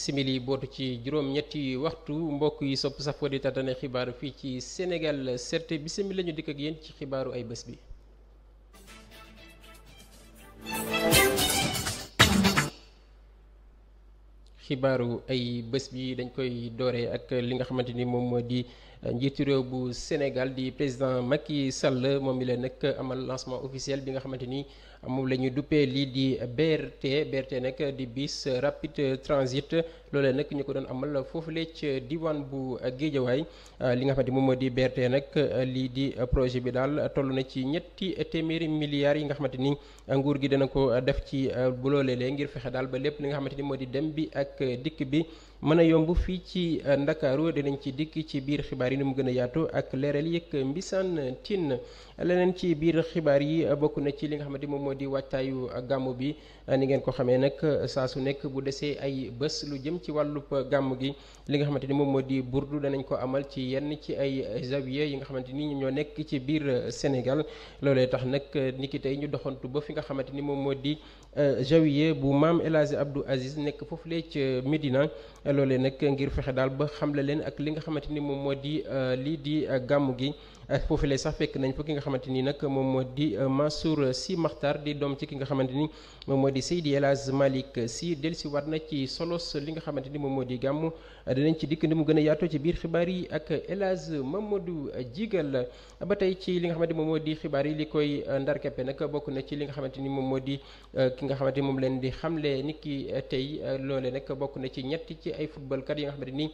simili bootu ci juróom-ñetti waxtu mbokk yi sopp safoo di tàttane xibaaru fii ci senegal serte bi la lañu dikk ak yéen ci xibaaru ay bés bi. xibaaru ay bés bi dañ koy doore ak li nga xamante ni moom moo di. njiitu réew bu Sénégal di président Macky Sall moom mi leen nag amal lancement officiel bi nga xamante ni moom la ñu duppee lii di BRT BRT nag di bis rapide transit loole nag ñu ko doon amal foofulee ci diwaan bu Géejawaay li nga xamante moom moo di BRT nag lii di projet bi daal toll na ci ñetti téeméeri milliards yi nga xamante ni nguur gi dana ko def ci bu loolee ngir fexe daal ba lépp li nga xamante ni moo di dem bi ak dikk bi. mën a yomb fii ci euh, ndakaaru dinañ ci dikk ci biir xibaar yi ni mu gën a yaatu ak leeral yëg mbisaan na leneen ci biir xibaar yi euh, bokk na ci li nga xamante moom moo di waajtaayu euh, gàmmu bi euh, ni ngeen ko xamee nag saa su nekk bu desee ay bës lu jëm ci wàllu gàmm gi li nga xamante ni moom moo di burdu danañ ko amal ci yenn ci ay zawiya yi nga xamante ni ñoo nekk ci biir Sénégal loolee tax nag niki tey ñu doxantu ba fi nga xamante ni moom moo di zawiya bu maam El Hadji Abdou Aziz nekk foofu foofulee ca Médina loole nag ngir fexe daal ba xamle leen ak li nga xamante ni moom moo di lii di gàmm gi foofu lay sax fekk nañ fa ki nga xamante nii nag moom moo di euh, Mansour Sy Makhtar di doom ci ki nga xamante ni moom moo di Seydi El Hadj Malick Sy dellusi na ci solos li nga xamante ni moom moo di gàmm dinañ ci dikk ni mu gën a yaatoo ci biir xibaar yi ak El moo Mamadou Jigal ba tey ci li nga xamante ni moom moo di xibaar yi li koy euh, ndarkeppe nag bokk na ci li nga xamante ni moom moo di euh, ki nga xamante ni moom leen di xamle nit ki tey loole nag bokk na ci ñett ci ay footballkat yi nga xamante nii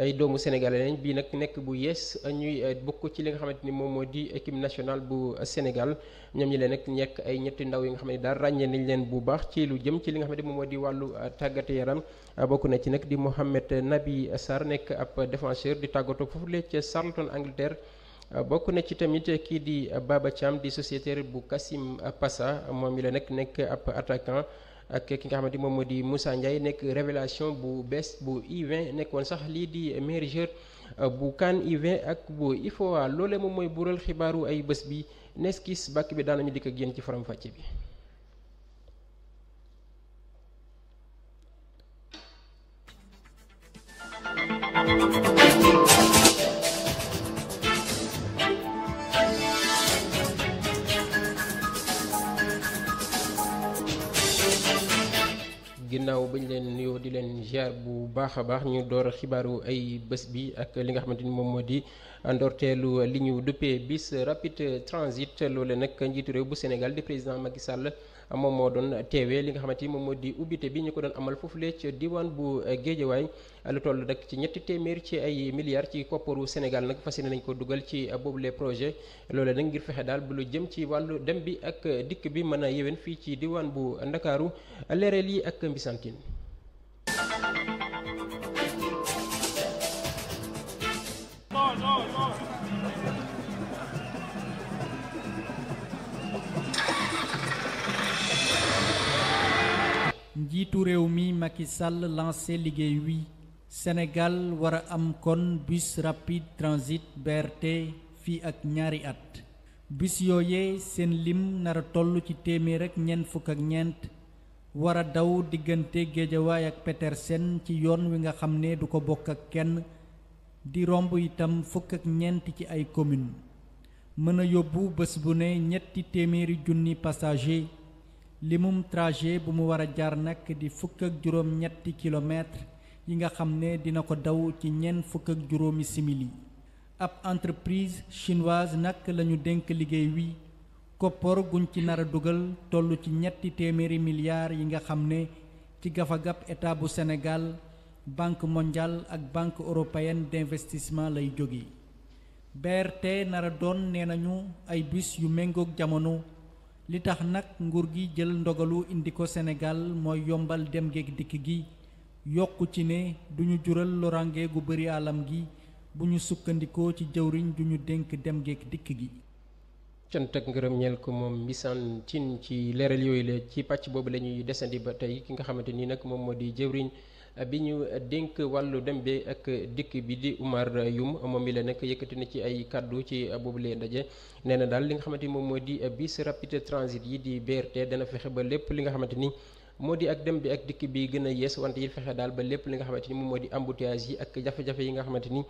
ay doomu sénégalais lañ bii nag nekk bu yees ñuy eh, bokk ci li nga xamante ni moom moo di équipe nationale bu Sénégal ñoom ñi leen nag nekk ay ñetti ndaw yi nga xam ne daal ràññee nañ leen bu baax ci lu jëm ci li nga xam ni moom moo di wàllu eh, tàggate yaram eh, bokk na ci nag di Mohamed Nabi Sarr nekk ab défenseur di tàggatoo foofu la ca Charlton Angleterre. bokk na ci tamit kii di Baba Thiam di sociétaire bu Kassim Passa moom mi la nag nekk ab attaquant. ak ki nga xamante moom moo di Moussa Ndiaye nekk révélation bu bees bu ivin nekkoon sax lii di meilleur joueur bu CAN U20 ak bu IFOA loole moom mooy bural xibaaru ay bés bi neskis bàkk bi daanañu dikk ak génn ci faram fàcce bi naaw bañ leen nuyoo di leen ziar bu baax a baax ñu door xibaaru ay bés bi ak li nga xamante ni moom moo di ndorteelu li ñu duppee bis rapide transit loole nag njiitu réew bu Sénégal di président Macky Sall. moom moo doon teewee li nga xamante ni moom moo di ubbite bi ñu ko doon amal foofulee ca diwaan bu eh, géejawaay lu tollu rekk ci ñetti téeméer ci ay milliards ci kopparu Sénégal nag fas yéene nañ ko dugal ci boobule projet loole loolee nag ngir fexe daal bu lu jëm ci wàllu dem bi ak dikk bi mën a yéwén fii ci diwaan bu ndakaaru leereel yi ak mbisantin jiitu réew mi Macky Sall liggéey wi senegal war a am kon bus rapide transit BRT fii ak ñaari at bis yooyee seen lim nara toll ci téeméer ak ñeent fukk ak ñeent war a daw diggante Géejawaay ak Petersen ci yoon wi nga xam ne du ko bokk ak kenn di romb itam fukk ak ñeent ci ay commune mën a yóbbu bés bu ne ñetti téeméeri junni passager limum trajet bu mu war a jaar nag di fukk ak kilomètre yi nga xam ne dina ko daw ci ñeent fukk ak juróomi simili ab entreprise chinoise nag lañu dénk liggéey wi koppor guñ ci nar a dugal toll ci ñetti téeméeri milliards yi nga xam ne ci gafagab état bu Sénégal banque mondiale ak banque européenne d'investissement lay jóge BRT nar a doon nee nañu ay bis yu méngoog jamono li tax nag nguur gi jël ndogalu indi ko senegal mooy yombal dem geeg dikk gi yokku ci ne duñu jural lorange gu bëri alam gi bu ñu sukkandikoo ci jëwriñ du ñu dénk dem geeg dikk gi cant ak ngërëm ñeel ko moom misaan cin ci leeral yooyu la ci pàcc boobu la ñuy desandi ba tey ki nga xamante ni nag moom moo di jëwriñ bi ñu dénk wàllu dem bi ak dikk bi di Oumar Youm moom mi la nag yëkkati ci ay kàddu ci boobulee ndaje nee na daal li nga xamante ni moom moo di bis rapide transit yi di BRT dana fexe ba lépp nga xamante ni moo di ak dem bi ak dikk bi gën a yees wante yi fexe daal ba lépp li nga xamante ni moom moo di embouteillage yi ak jafe-jafe yi nga xamante ni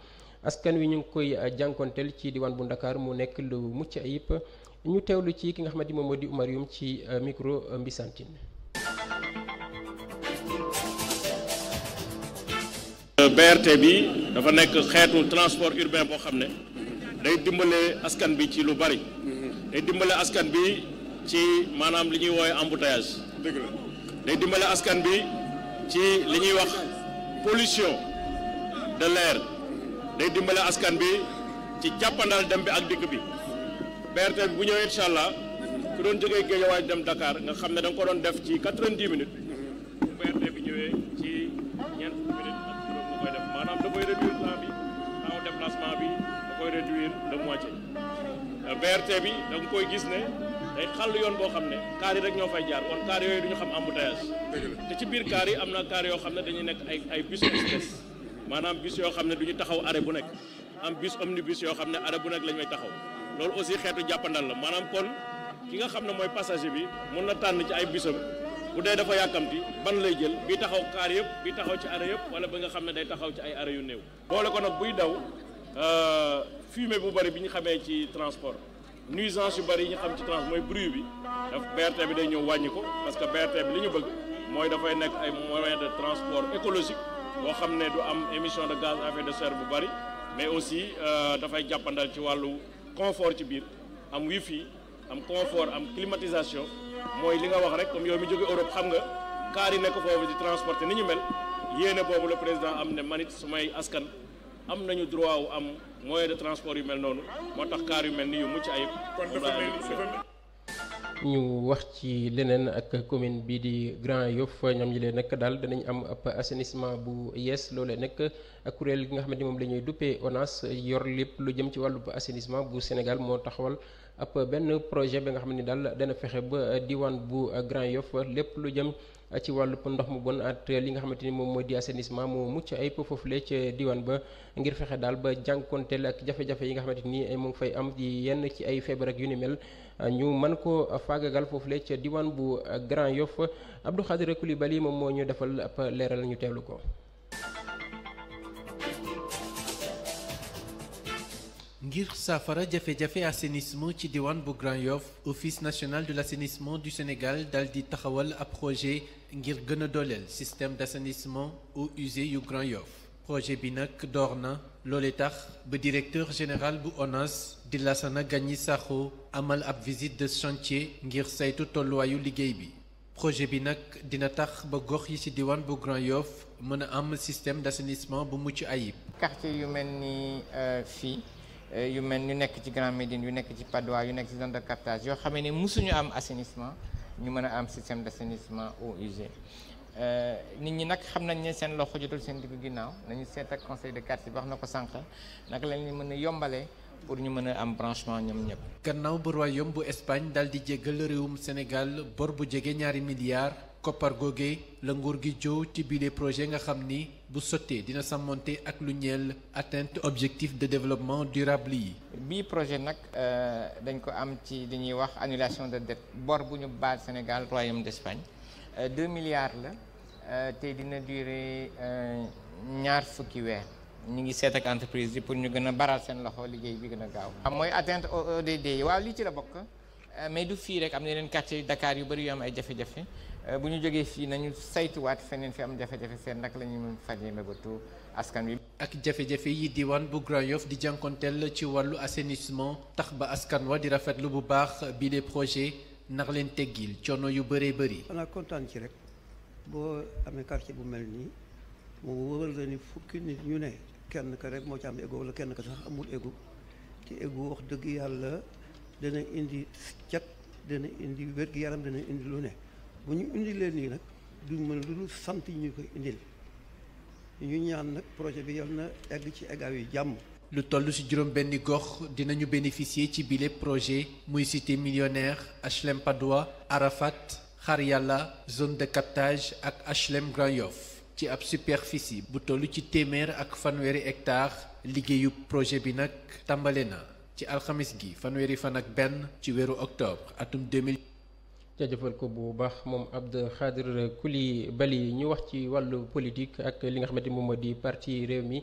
askan wi ñu ngi koy jànkonteel ci diwaan bu Ndakaar mu nekk lu mucc ayib ñu teewlu ci ki nga xamante ni moom moo di Oumar Youm ci micro Mbisantine BRT bi dafa nekk xeetu transport urbain boo xam ne day dimbale askan bi ci lu bari day dimbale askan bi ci maanaam li ñuy woowe embouteillage day dimbale askan bi ci li ñuy wax pollution de l'air day dimbale askan bi ci jàppandal dem bi ak dikk bi BRT bi bu ñëwee incha allah ku doon jógee Guédiawaye dem Dakar nga xam ne da ko doon def ci quatre-vingt-dix minutes mm-hmm. bu BRT ci koy réduire bi temps déplacement da koy réduire bi da nga koy gis ne day xàll yoon boo xam ne kaar yi rek ñoo fay jaar kon du ñu xam embouteillage te ci biir kaar yi am na kaar yoo xam ne dañu nekk ay ay bus express maanaam bus yoo xam ne du ñu taxaw arrêt bu nekk am bus omnibus yoo xam ne arrêt bu nekk la taxaw loolu aussi xeetu jàppandal la maanaam kon ki nga xam ne mooy passage bi mun na tànn ci ay busam bu dee dafa yàkkamti ban lay jël bi taxaw kaar yëpp bi taxaw ci arrêt yëpp wala ba nga xam ne day taxaw ci ay arrêt yu néew. boole ko nag buy daw euh, fumée bu bëri bi ñu xamee ci transport nuisance yu bëri yi ñu xam ci transport mooy bruit bi daf BRT bi day ñëw wàññi ko parce que BRT bi li ñu bëgg mooy dafay nekk ay moyen de transport écologique boo xam ne du am émission de gaz à de ser bu bari mais aussi euh, dafay jàppandal ci wàllu confort ci biir am wifi am confort am climatisation. mooy li nga wax rek comme yow mi jóge Europe xam nga kaar yi nekk foofu di transporter ni ñu mel yéene boobu la président am ne manit sumay askan am nañu droit wu am moyen de transport yu mel noonu moo tax kaar yu mel ni yu mucc ayib ñu wax ci leneen ak commune bi di Grand Yoff ñoom ñi leen nag daal danañ am ab assainissement bu yees loole nag ak kuréel gi nga xamante ni moom la ñuy duppee ONAS yor lépp lu jëm ci wàllu assainissement bu Sénégal moo taxawal ab benn projet bi nga xam ni daal dana fexe ba diwaan bu Grand Yoff lépp lu jëm ci wàllu ndox mu bon at li nga xamante ni moom moo di assainissement moo mucc ay foofule ca diwaan ba ngir fexe daal ba jànkonteel ak jafe-jafe yi nga xamante ni mu ngi fay am di yenn ci ay feebar ak yu ni mel ñu mën ko faagagal foofule ca diwaan bu Grand Yoff Abdou Khadir Coulibaly moom moo ñu defal ab leeral ñu teelu ko. ngir saafara jafe-jafe assainissement ci diwaan bu Grand Yoff office national de l'assainissement du Sénégal dal di taxawal ab projet ngir gën a dooleel système d'assainissement eaux usées yu Grand Yoff projet bi nag door na loolee tax ba directeur général bu ONAS di Lassana Gagny Sakho amal ab visite de chantier ngir saytu tolluwaayu liggéey bi projet bi nag dina tax ba gox yi ci diwaan bu Grand Yoff mën a am système d'assainissement bu mucc ayib quartier yu mel ni euh, fii Euh, yu mel ñu nekk ci Grand Médine yu nekk ci Patte yu nekk ci zone de captage yoo xam ne mësuñu am assainissement ñu mën a am système d'assainissement eaux usées euh, nit ñi nag xam nañ ne seen loxo jotul seen diggu ginnaaw na seet ak conseil de quartier bi wax na ko sànq naka lañ ñu mën a yombalee pour ñu mën a am branchement ñoom ñëpp. gannaaw ba royaume bu Espagne daal di jéggal réewum Sénégal bor bu jege ñaari milliards koppar googe la nguur gi jow ci biir projet nga xam ni. bu sottee dina sàmmonte ak lu ñeel atteinte objectif de développement durable yi. bii projet nag euh, dañ ko am ci li wax annulation de dette bor bu ñu baal Sénégal royaume d'Espagne euh, deux milliards la euh, te dina durer ñaar fukki weer. ñu ngi seet ak entreprise yi pour ñu gën a baral seen loxo liggéey bi gën a gaaw. am mooy atteinte ODD e yi waaw lii ci la bokk mais du fii rek am ne leen quartier yu Dakar yu bëri yu am ay jafe-jafe. Euh, bu ñu jógee fii nañu saytuwaat feneen fi am jafe-jafe seen naka la ñuy fajee mbébatu askan wi. ak jafe-jafe yi diwaan bu Grand Yoff di jànkonteel ci wàllu assainissement tax ba askan wa di rafetlu bu baax bii les projets ndax leen teggil coono yu bëree bëri. xanaa kontaan ci rek boo amee quartier bu mel nii mu wóor la ni fukki nit ñu ne kenn ka rek moo ci am égo wala kenn ko sax amul égo te égo wax dëgg yàlla dana indi cat dana indi wér-gu-yaram dana indi bu ñu indilee nii nag duñ mën lu sant yi ñu koy indil ñu ñaan nag projet bi yal na egg ci eggaaw yu jàmm. lu toll ci juróom benn gox dinañu bénéficier ci bile projet muy siti millionnaire HLM Padoua Arafat Xar Yàlla zone de captage ak HLM Grand Yoff ci ab superficie bu toll ci téeméer ak fanweeri hectare liggéeyu projet bi nag tàmbale na ci alxamis gi fanweeri fan ak benn ci weeru octobre atum 2000 jaajëfal ko bu baax moom Abdou Khadir bali ñu wax ci wàllu politique ak li nga xamante ni moom moo di parti réew mi.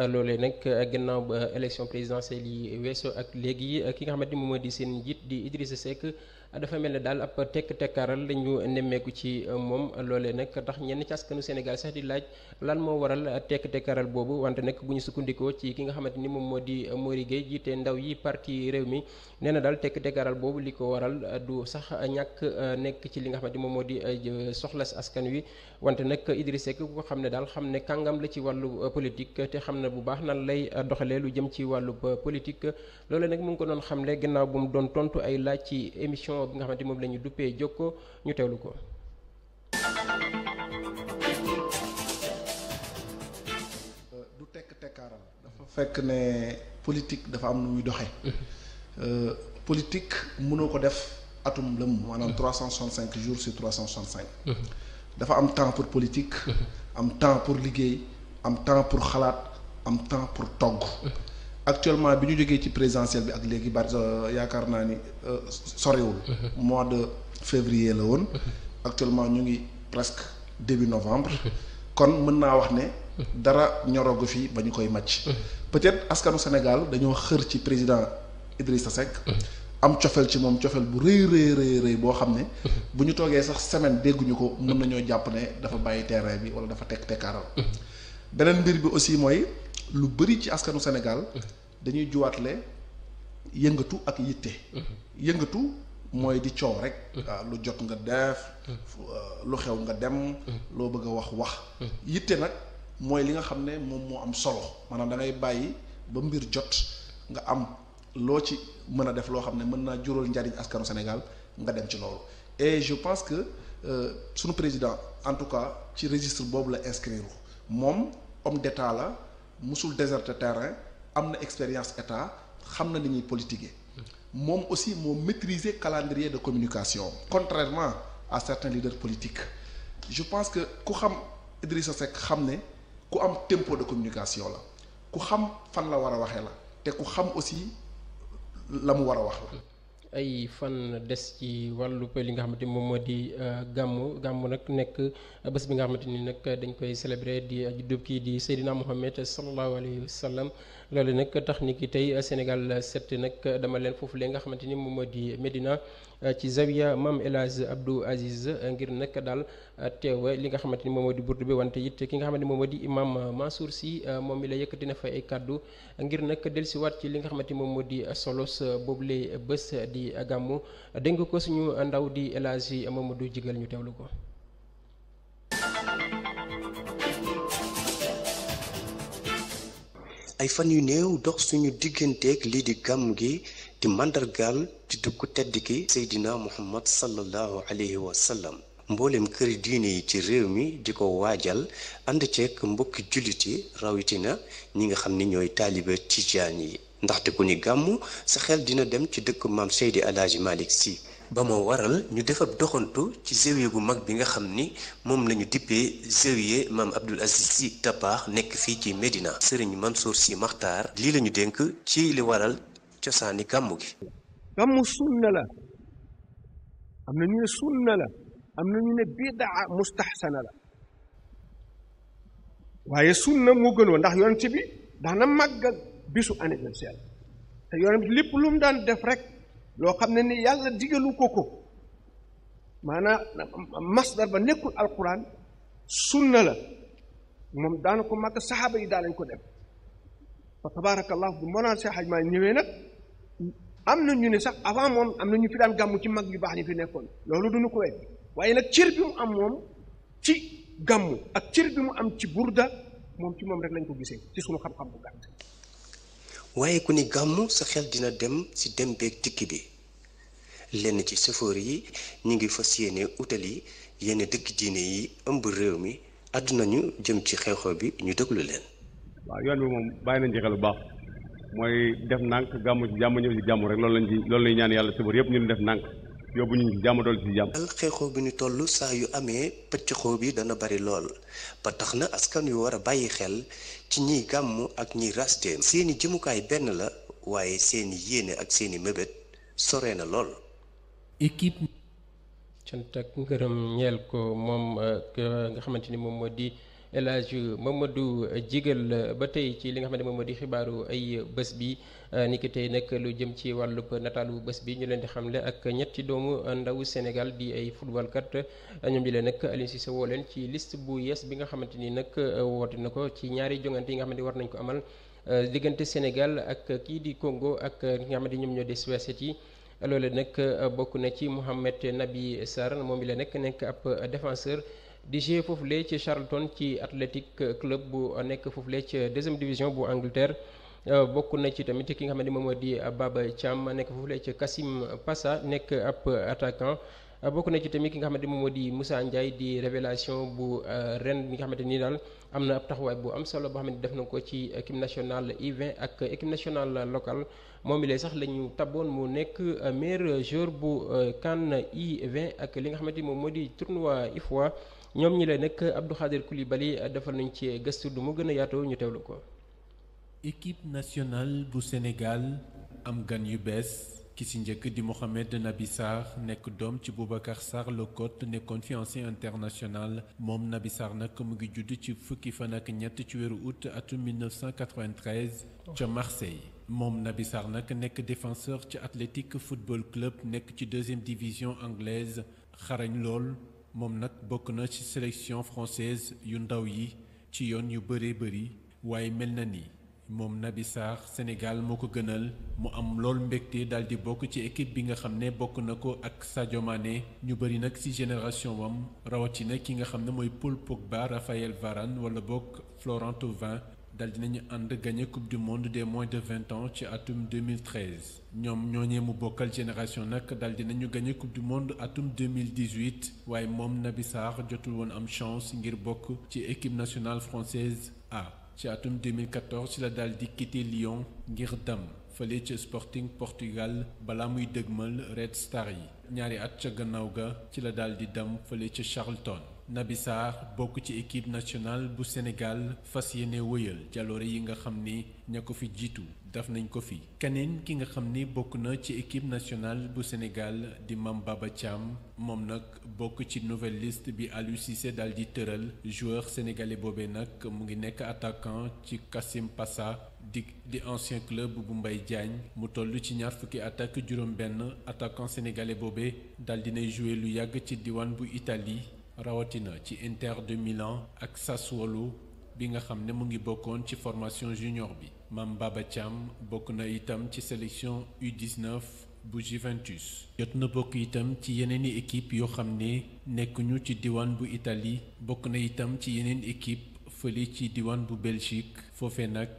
Euh, loolee nag gannaaw ba élection présidentielle yi weesoo ak léegi ki nga xamante ni moom di seen njiit di Idrissa Seck. dafa mel ne daal ab tekk-tekkaaral la ñu nemmeeku ci euh, moom loolee nag tax ñenn ci askanu Sénégal sax di laaj lan moo waral tekk-tekkaaral boobu wante nag bu ñu sukkandikoo ci ki nga xamante ni moom moo di Mori Gueye jiite ndaw yi parti réew mi nee na daal tekk-tekkaaral boobu li ko waral du sax ñàkk euh, nekk ci li nga xamante ni moom moo di euh, soxlas askan wi wante nag Idrissa Seck ku ko xam ne daal xam ne kàngam la ci wàllu politique te xam na bu baax nan lay doxalee lu jëm ci wàllu politique loole nag mu ko doon xamle gannaaw mu doon tontu ay laaj ci émission émission bi nga xamante moom la ñu duppee Jokko ñu teewlu ko. du tekk tekkaaral dafa fekk ne politique dafa am nu muy doxee. Mm-hmm. politique mënoo ko def atum lëmm. maanaam mm-hmm. trois cent soixante cinq jour sur trois cent soixante cinq. Mm-hmm. dafa am temps pour politique. am temps pour liggéey am temps pour xalaat am temps pour togg. actuellement bi ñu jógee ci présidentielle bi ak léegi ba yaakaar naa ni euh, soriwul. Mhm. mois de février la woon. Mhm. actuellement ñu ngi presque début novembre. Mhm. kon mën naa wax ne. dara ñoroogu fii ba ñu koy màcc. peut-être askanu Sénégal dañoo xër ci président Idrissa Seck. am cofeel ci moom cofeel bu rëy rëy rëy boo xam ne. bu ñu toogee sax semaine dégguñu ko. mën nañoo jàpp ne dafa bàyyi terrain bi wala dafa teg tekkaaral. beneen mbir bi aussi mooy. lu bëri ci askanu Sénégal dañuy juwaatle yëngatu ak yitte yëngatu mooy di coow rek waaw lu jot nga def euh, lu xew nga dem loo bëgg a wax wax yitte nag mooy li nga xam ne moom moo am solo maanaam da bàyyi ba mbir jot nga am loo ci mën a def loo xam ne mën naa jural njariñ askanu Sénégal nga dem ci loolu et je pense que euh, sunu président en tout cas ci registre boobu la inscrire moom homme d'état la mosul déserter terrain am na expérience état xam na ni ñuy politiquer moom aussi moo maîtriser calendrier de communication contrairement à certains leaders politiques je pense que ku xam Idrissa Seck xam ne ku am tempo de communication la ku xam fan la war a waxee la te ku xam aussi la mu war a wax la ay fan des ci wàllu li nga xamante ni moom moo di euh, gàmmu gàmmu nag nekk euh, bés bi nga xamante ni nag dañ koy célébrer di euh, juddub kii di Seydina Mohamed sallallahu alayhi wa sallam loolu nag tax nit ki tey Sénégal set nag dama leen foofu lee nga xamante ni moom moo di Medina. ci zawiya mam El Hadj Abdou Aziz ngir nag dal uh, teewe li nga xamante ni moom di burdu bi wante it ki nga xamante ni moom di imam Mansour Sy uh, moom mi la yëkkati na fa ay kaddu ngir nag dellusiwaat ci li nga xamante ni moom moo di solos uh, boobule bés di gàmmu dégg ko suñu ndaw di El Hadj du Jigal ñu teewlu ko. fan yu néew dox suñu digganteeg lii di gi. di màndargaal di dugg tedd ki seydina muhammad sallallahu alayhi wa sallam mboolem kër diine yi ci réew mi di ko waajal ànd ceeg mbokki jullit yi rawatina ñi nga xam ni ñooy taalibe tijaan yi ndaxte ku ni gàmmu sa xel dina dem ci dëkk maam Seydi Alaaji Malick si ba moo waral ñu defab doxantu ci zawiya bu mag bi nga xam ni moom lañu dippee zawiya maam Abdul Aziz Sy Dabakh nekk fii ci Médina sëriñ Mansour Sy Makhtar lii lañu dénk ci li waral cosaani gàmmu gi gàmmu sunna la am na ñu ne sunna la am na ñu ne bidaa mustaxsana la waaye sunna moo gënoon ndax yonent bi daana màgg ak bisu anniversaire te yonent bi lépp lu mu daan def rek loo xam ne ni yàlla digalu ko ko maanaam masdar ba nekkul alquran sunna la moom daana ko màgg saxaaba yi daa lañ ko def fa tabaarakallahu bu monaan see xaj maa ñëwee nag am na ñu ne sax avant moom am na ñu fi daan gàmm ci mag yu baax ñi fi nekkoon loolu duñu ko wet waaye nag cër bi mu am moom ci gàmm ak cër bi mu am ci burda moom ci moom rek lañ ko gisee ci suñu xam-xam bu gàtt waaye ku ni gàmm sa xel dina dem si dem beeg dikk bi lenn ci sëfoor yi ñu ngi fas yéene yi yenn dëkk diine yi ëmb réew mi àdduna ñu jëm ci xew-xew bi ñu déglu leen waaw yoon bi moom bàyyi nañ ci xel baax mooy def nank gàmmu ci jàmm ñëw ci jàmm rek loolu lañ ci loolu lañ ñaan yàlla subar yëpp ñu def nànk yóbbu ñu ci jàmm dool ci xeexoo bi ñu toll saa yu amee pëccëxoo bi dana bari lool ba tax na askan yu war a bàyyi xel ci ñiy gàmm ak ñiy rasteem seeni jëmukaay benn la waaye seeni yéene ak seeni mébét sore na lool. équipe. cant ak ngërëm ñeel ko moom euh, nga xamante ni moom moo di. El Hadj Mamadou Jigal eh, ba tey ci li nga xam ne moom moo di xibaaru ay bés bi eh, ni ki nag lu jëm ci wàllub nataalu bés bi ñu leen di xamle ak ñetti doomu ndaw Sénégal di ay footballkat eh, ñoom di leen nag Aliou Cissé woo leen ci list bu yees bi nga xamante ni nag woote na ko ci ñaari jongante yi nga xam di war nañ ko amal diggante Sénégal ak kii di kongo ak ki nga xam ne ñoom ñoo di Suède yi. loole nag bokk na ci Mouhamed Nabi Sarr moom mi la nekk nekk ab défenseur. di jouer foofu lee ci Charlton ci Athletic Club bu nekk foofu lee ci deuxième division bu Angleterre euh, bokk na ci tamit ki nga xam ne moom moo di Baba Thiam nekk foofu lee ci Kassim Passa nekk ab attaquant. Euh, bokk na ci tamit ki nga xamante ni moom moo di Moussa Ndiaye di révélation bu euh, ren bi nga xamante ni daal am na ab taxawaay bu am solo boo xam ne def na ko ci équipe nationale u ak équipe nationale locale moom mi lay sax la ñu taboon mu nekk meilleur joueur bu CAN U20 ak li nga xamante ni moom moo di tournoi UFOA e ñoom ñi lay nag Abdou Khadir Koulibaly defal nañ ci gëstu du mu gën a yaatoo ñu teewlu ko. équipe nationale bu Sénégal am gan yu bees ki ci njëkk di Mohamed Nabi Sarr nekk doom ci Boubacar Sarr Locotte nekkoon fi ancien international moom Nabi Sarr nag mu ngi judd ci fukki fan ak ñett ci weeru août atum 1993 ca Marseille. moom Nabi Sarr nag nekk défenseur ci Athletic Football Club nekk ci deuxième division anglaise xarañ lool. moom nag bokk na ci sélection française yu ndaw yi ci yoon yu bëree bëri waaye mel na ni moom Naby Sarr Sénégal moo ko gënal mu am lool mbégte daal di bokk ci équipe bi nga xam ne bokk na ko ak Sadio Mané ñu bëri nag ci génération wam rawatina ki nga xam ne mooy poul Paul Pogba Raphaël Varane wala bokk Florent Thauvin dal dinañu ànd gagné coupe du monde des mois de vingt ans ci atum 2013 ñoom ñooñee mu bokkal génération nag dal di nañu gagné coupe du monde atum 2018 waaye moom Naby Sarr jotul woon am chance ngir bokk ci équipe nationale française A ci atum 2014 ci la dal di quitté Lyon ngir dem fële ca Sporting Portugal balaa muy dëgmal Red Star yi ñaari at ca gannaaw ga ci la dal di dem fële ca Charlton. Naby Sarr bokk ci équipe nationale bu Sénégal fas yéene wëyal jaloore yi nga xam ni ña ko fi jiitu daf nañ ko fi keneen ki nga xam ni bokk na ci équipe nationale bu Sénégal di Mame Baba Thiam moom nag bokk ci nouvelle liste bi Aliou Cissé daal di tëral joueur sénégalais boobee nag mu ngi nekk attaquant ci Kassim Passa di di ancien club bu mbay Diagne mu toll ci ñaar fukki attaque juróom-benn attaquant sénégalais boobee daal di nay joué lu yàgg ci diwaan bu Italie. rawatina ci Inter de Milan ak Sassuolo bi nga xam ne mu ngi bokkoon ci formation junior bi Mame Baba Thiam bokk na itam ci sélection U19 bu Juventus jot na bokk itam ci yeneen i équipe yoo xam ne nekkuñu ci diwaan bu Italie bokk na itam ci yeneen équipe fële ci diwaan bu Belgique foofe nag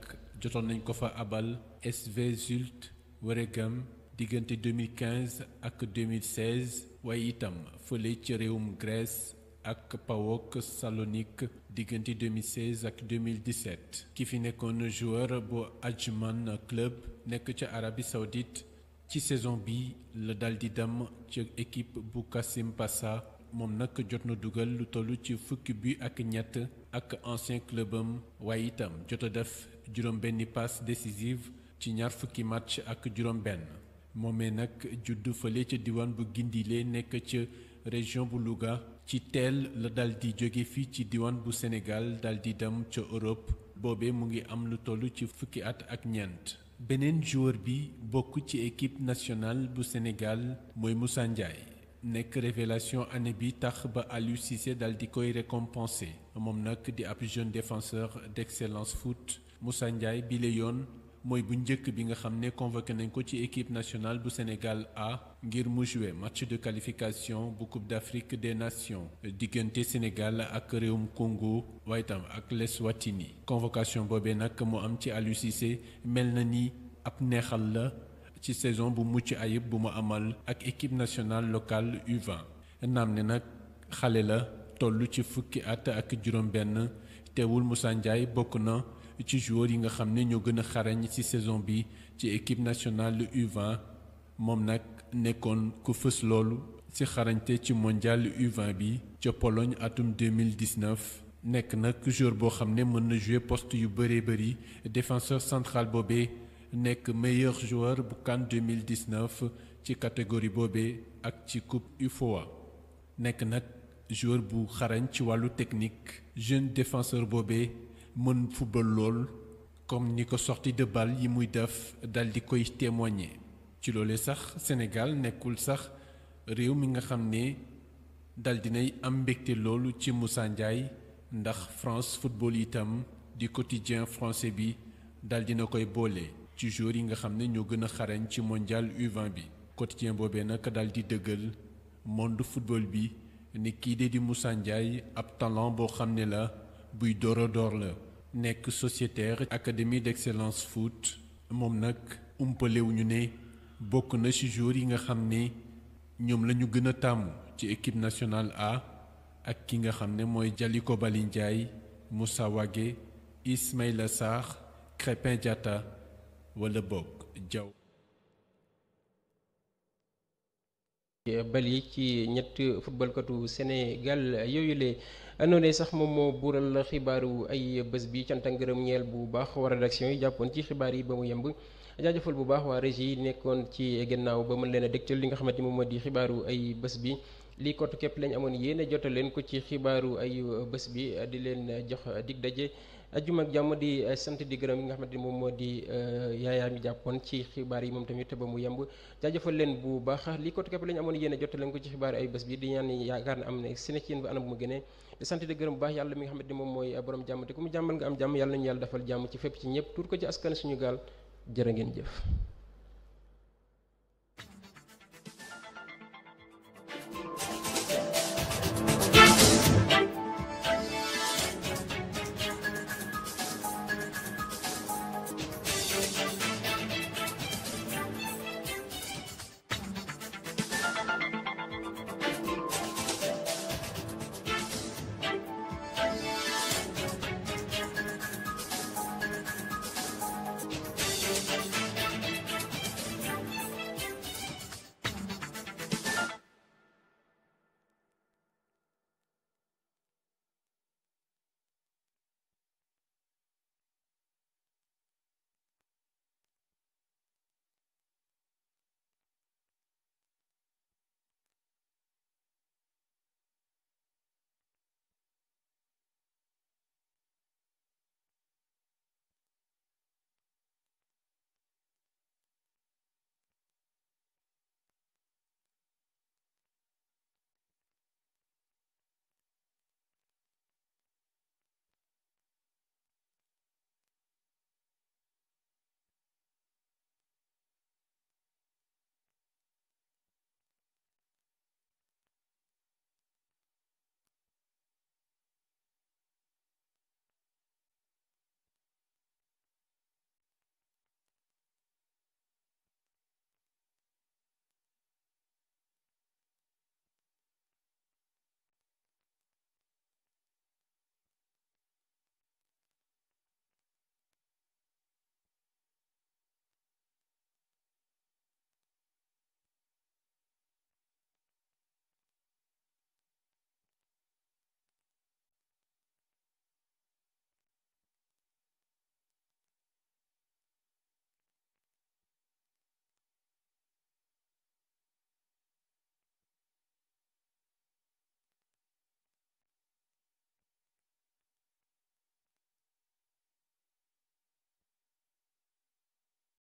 jotoon nañ ko fa abal SV Zulte Waregem diggante 2015 ak 2016 waaye itam fële ci réewum Grèce ak PAOK Salonique diggante 2016 ak 2017 ki fi nekkoon joueur bu Ajman club nekk ca arabi Saoudite ci saison bi la dal di dem ca équipe bu Kassim Passa moom nag jot na dugal lu toll ci fukki bi ak ñett ak ancien clubam waaye itam jot a def juróom benni passe décisive ci ñaar fukki match ak juróom benn moomee nag juddu fële ca diwaan bu Gindile nekk ca région bu Louga ci teel la dal di jóge fii ci diwaan bu Sénégal dal di dem ca Europe boobe mu ngi am lu toll ci fukki at ak ñeent beneen joueur bi bokk ci équipe national bu Sénégal mooy Moussa Ndiaye nekk révélation année bi tax ba Aliou dal di koy récompensé moom nag di ab jeune défenseur d'excellence foot Moussa Ndiaye bi yoon mooy bu njëkk bi nga xam ne convoqué nañ ko ci équipe nationale bu Sénégal A ngir mu jouer match de qualification bu Coupe d'Afrique des Nations diggante Sénégal ak réewum kongo waaye tam ak l'Eswatini convocation boobee nag mu am ci Aliou Cissé mel na ni ab neexal la ci saison bu mucc ayib bu mu amal ak équipe nationale locale U20 naam ne nag xale la toll ci fukki at ak juróom benn teewul Moussa Ndiaye bokk na ci joueurs yi nga xam ne ñoo gën a xarañ ci saison bi ci équipe nationale U20 moom nag nekkoon ku fës loolu ci xarañte ci mondiale U20 bi ca Pologne atum 2019 nekk nag joueur boo xam ne mën na jouer poste yu bëree bëri défenseur central boobee nekk meilleur joueur bu CAN 2019 ci catégorie boobee ak ci coupe UFOA nekk nag joueur bu xarañ ci wàllu technique jeune défenseur boobee mën football lool comme ni ko sortie de balle yi muy def dal di koy témoigner ci loolee sax Sénégal nekkul sax réew mi nga xam ne dal dinay am mbégte loolu ci musaa Ndiaye ndax France football itam di quotidien français bi dal na koy boole ci joueurs yi nga xam ne ñoo gën a xarañ ci mondial U20 bi quotidien boobee nag dal di dëggal monde football bi ne kii de di Moussa Ndiaye ab talon boo xam ne la buy door door la nekk sociétaire académie d'excellence foot moom nag umpalewu ñu ne bokk na ci joueurs yi nga xam ne ñoom lañu ñu gën a tàmm ci équipe national A ak ki nga xam ne mooy jali ko Bali njaay Moussa Wagué Ismaïla Sarr Crépin Diatta wala bokk Diaw. ci ñett footballkatu noonee sax moom moo buural xibaaru ay bés bi cant ak ngërëm ñeel bu baax waa rédaction yi jàppoon ci xibaar yi ba mu yemb jaajëfal bu baax waa régie yi nekkoon ci gannaaw ba mën leen a dégtal li nga xamante ni moom moo di xibaaru ay bés bi lii kottu képp lañ amoon yéen a jotal leen ko ci xibaaru ay bés bi di leen jox dig daje. ajjuma ak jàmm di eh, sant di gërëm yi nga xamante ni moom moo di eh, yaayaa mi jàppoon ci xibaar yi moom tamit ba mu yemb jaajëfal leen bu baax li ko képp la amoon yéen a jottale ko ci xibaar ay bés bi di ñaan yaakaar na am ne sene ci yéen ba anam bu mu gënee di sant di gërëm bu baax yàlla mi nga xamante ni moom mooy eh, borom jàmm te ku mu jàmmal nga am jàmm yàlla nañu yàlla defal jàmm ci fépp ci ñëpp tuur ko ci askan suñu gaal jërë ngeen jëf